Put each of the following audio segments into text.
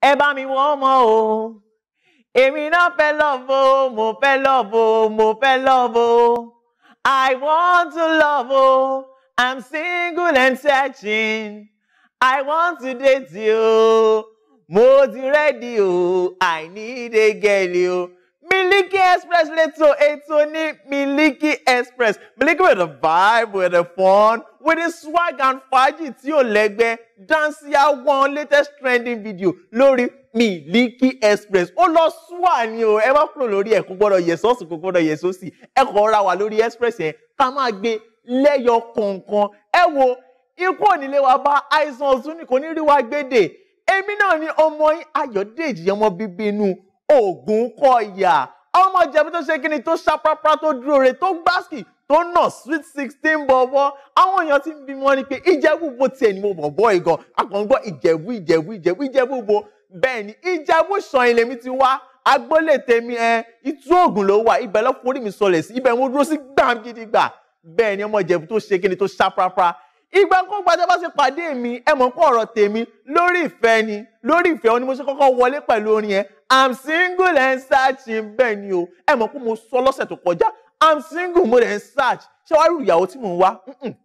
ẹ bá mi wọ́n mọ́ o èmi náà fẹ́ love o mo fẹ́ love o mo fẹ́ love o I want to love o I'm single and searching I want to date you mo ti ready o I need a girl o. Miliki Express lẹ́tọ̀ ètò ní Miliki Express. Miliki with the vibe, with the fun, with the swag and fàájì tí legbe dance Dancia one latest trending video lórí Miliki Express. Ó lọ súwà ni o, ẹ má kúrò lórí ẹ̀ kó gbọ́dọ̀ yẹ̀ sọ́ọ̀sì kó gbọ́dọ̀ yẹ̀ sọ́ọ̀sì. Ẹ Express e kama máa gbé lẹ́yọ kọ̀ọ̀kan. Ẹ wo ikú ònílé wa bá àìsàn koni riwa kò ní rí wa gbédè èmi náà ni ọmọ yín Ayọ̀dèjì ọmọ bíbí inú Ògúnkọ̀yà àwọn ọmọ ìjẹ̀bú tó ṣe kíni tó ṣapápá tó dúró re tó gbáàsì tó nà sweet sixteen bọ̀bọ̀ àwọn èèyàn ti ń bí wọn ni pé ìjẹ̀bú bo tiẹ̀ ni mo bọ̀ bọ́ ìgàn àkàngbọ́ ìjẹ̀bú ìjẹ̀bú ìjẹ̀bú ìjẹ̀bú bo bẹ́ẹ̀ ni ìjẹ̀bú ìṣàn ilé mi ti wá agbólé tèmi ẹ ìtú ògùn ló wà ibẹ̀ lọ́ forí mi sọlẹ̀ sí ibẹ̀ mo dúró sí gbàm gidi gbà bẹ́ẹ̀ ni ọmọ ìjẹ̀bú tó ṣe kíni tó ṣapápá ìgbà kó gbàjọ́ bá ṣe pàdé mi ẹ mọ̀ kó ọ̀rọ̀ tèmi lórí ìfẹ́ ni lórí ìfẹ́ ọ mo ṣe kọ́kọ́ wọlé pẹ̀lú orin yẹn i'm single and searching bẹ́ẹ̀ ni o ẹ mọ̀ pé mo sọ lọ́sẹ̀ tó kọjá i'm single mo dẹ̀ ń search ṣé wàá rí ìyàwó tí mò ń wá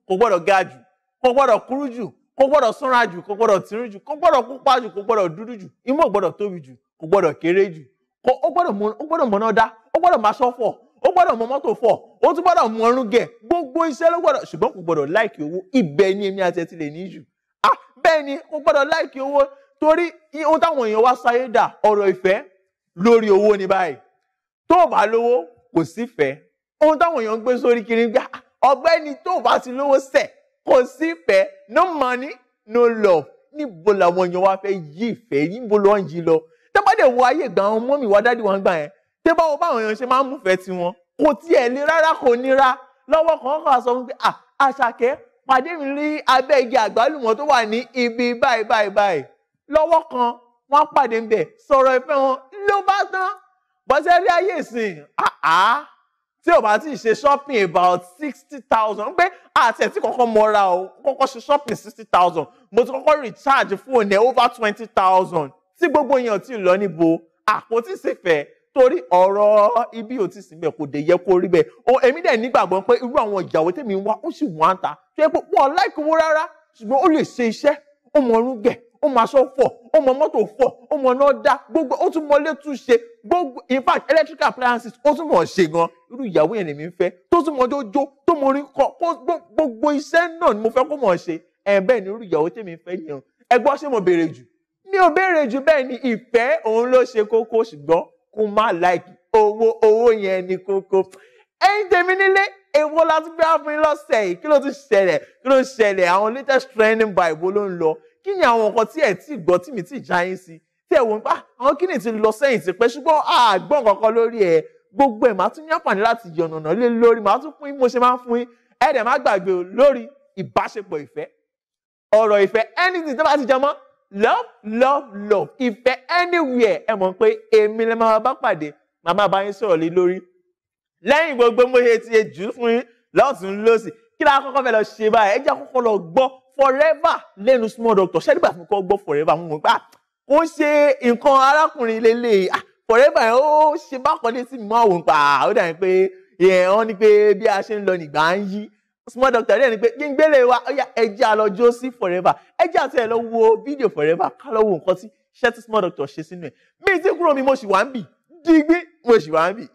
kò gbọ́dọ̀ ga jù kò gbọ́dọ̀ kúrú jù kò gbọ́dọ̀ sanra jù kò gbọ́dọ̀ tínrín jù kò gbọ́dọ̀ pupa jù kò gbọ́dọ̀ dúdú jù imú ò gbọ́dọ̀ tóbi jù kò gbọ́dọ̀ kéré jù ó gbọ́dọ̀ mọ̀nà dá ó gbọ́dọ̀ máa ṣọ́fọ̀ ó gbọ́dọ̀ mọ mọ́tò fọ̀ ó tún gbọ́dọ̀ mọ ọrùn gẹ̀ gbogbo iṣẹ́ ló gbọ́dọ̀ ṣùgbọ́n kò gbọ́dọ̀ láìkì owó ibẹ̀ ni èmi àti ẹ ti lè ní jù ah bẹ́ẹ̀ ni kò gbọ́dọ̀ láìkì owó torí ohun táwọn èèyàn wá sáyé dà ọ̀rọ̀ ìfẹ́ lórí owó ní báyìí tó o bá lówó kò sífẹ̀ẹ́ ohun táwọn èèyàn ń gbé sórí kiri gbà ah, ọ̀gbẹ́ni tó bá ti lówó sẹ̀ kò sífẹ̀ẹ́ no money no love níbo làwọn èèyàn wá fẹ́ yí ìfẹ́ níbo ló ń yí lọ tẹ́bàdé wo ayé ìgbà àwọn mọ́mì wá dádì wọn gbà yẹn tẹ́bà wo báwọn èèyàn ṣe máa ń múfẹ́ tiwọn kò tiẹ̀ lè rárá kò nira lọ́wọ́ kan kọ́ sọ wípé ah, àṣàkẹ́ pàdé mi rí abẹ́ igi àgbálùmọ̀ tó wà ní ibi báyìí báyìí báyìí lọ́wọ́ kan wọ́n pàdé ń bẹ̀ sọ̀rọ̀ ìfẹ́ wọn ló bá tán bọ́sẹ̀ rí ayé ìsìn àá tí o bá ti ṣe shopping about sixty thousand pé àti ẹ̀ tí kọ́kọ́ mọ́ra o kọ́kọ́ ṣe shopping sixty thousand mo ti kọ́kọ́ recharge fóònù ẹ̀ over twenty thousand tí gbogbo èèyàn ti lọ níbo àpótí ìsìnfẹ́ torí ọ̀rọ̀ ibi ò ti sìn bẹ́ẹ̀ kò dé yẹ kó rí bẹ́ẹ̀ o èmi dẹ̀ nígbàgbọ́ pé irú àwọn ìyàwó tèmi wá ó sì wọ́n á ta tó yẹ pé wọ́n láìkówó rárá ṣùgbọ́n ó lè ṣe iṣẹ́ ó mọ orúgbẹ̀ ó mọ aṣọ fọ̀ ó mọ mọ́tò fọ̀ ó mọ náà dá gbogbo ó tún mọ létú ṣe gbogbo in fact electrical appliances ó tún mọ̀ ṣe gan irú ìyàwó yẹn lèmi ń fẹ́ tó tún mọ jójó tó mọ orin kọ gbogbo iṣẹ́ náà ni mo fẹ́ kó mọ̀ ṣe ẹ̀ bẹ́ẹ̀ ni irú ìyàwó tèmi ń fẹ́ yẹn ẹ gbọ́ ṣé mo béèrè jù mi ò béèrè jù bẹ́ẹ̀ ni ìfẹ́ òun ló ṣe kókó ṣùgbọ́n kó má like owó owó yẹn ni kókó ẹ̀yin tèmi nílé èwo la tún gbé àfin lọ́sẹ̀ yìí kí ló tún ṣẹlẹ̀ kí ló ṣẹlẹ̀ àwọn latest trending by ibo ló ń lọ kí ni àwọn nǹkan tí ẹ̀ tí gbọ́ tí mi ti já yín sí tí ẹ̀ wò ń pa ah, àwọn kíni ti lọ sẹ́yìn ti pẹ́ ṣùgbọ́n àgbọ̀n ah, kankan lórí ẹ̀ gbogbo ẹ̀ máa tún ní àǹfààní láti yànnàná lé lórí máa tún fún yín mo ṣe máa ń fún yín ẹ̀ dẹ̀ má gbàgbé o lórí ìbáṣepọ̀ ìfẹ́ ọ̀rọ̀ ìfẹ́ anything tó bá ti jẹ mọ́ love love love ìfẹ́ anywhere ẹ mọ̀ pé èmi lẹ́ máa bá pàdé màmá bá yín sọ̀rọ̀ lé lórí lẹ́yìn gbogbo mo ṣe ti ṣe jù fún yín lọ́tún lọ́sì kí la kọ́kọ́ fẹ́ lọ ṣe báyìí ẹ kọ́kọ́ lọ gbọ́ forever lẹ́nu small doctor ṣé nígbà tí kọ́ gbọ́ forever mo mọ̀ pé ah, kò ṣe nǹkan arákùnrin lélẹ̀ ah, forever yẹn ó ṣe bákan ní sí mọ́ òun pa ó dà ní pé wọ́n ní pé bí a ṣe ń lọ nígbà ń yí small doctor dẹ̀ ni pé kí n gbélé wa ó yá ẹ sí forever ẹ jẹ́ àti ẹ̀ lọ wo video forever ká lọ wo nǹkan tí ṣẹ́tí small doctor ṣe sínú ẹ̀ mí ti kúrò mi mo sì wá ń bì dígbí mo sì wá ń bì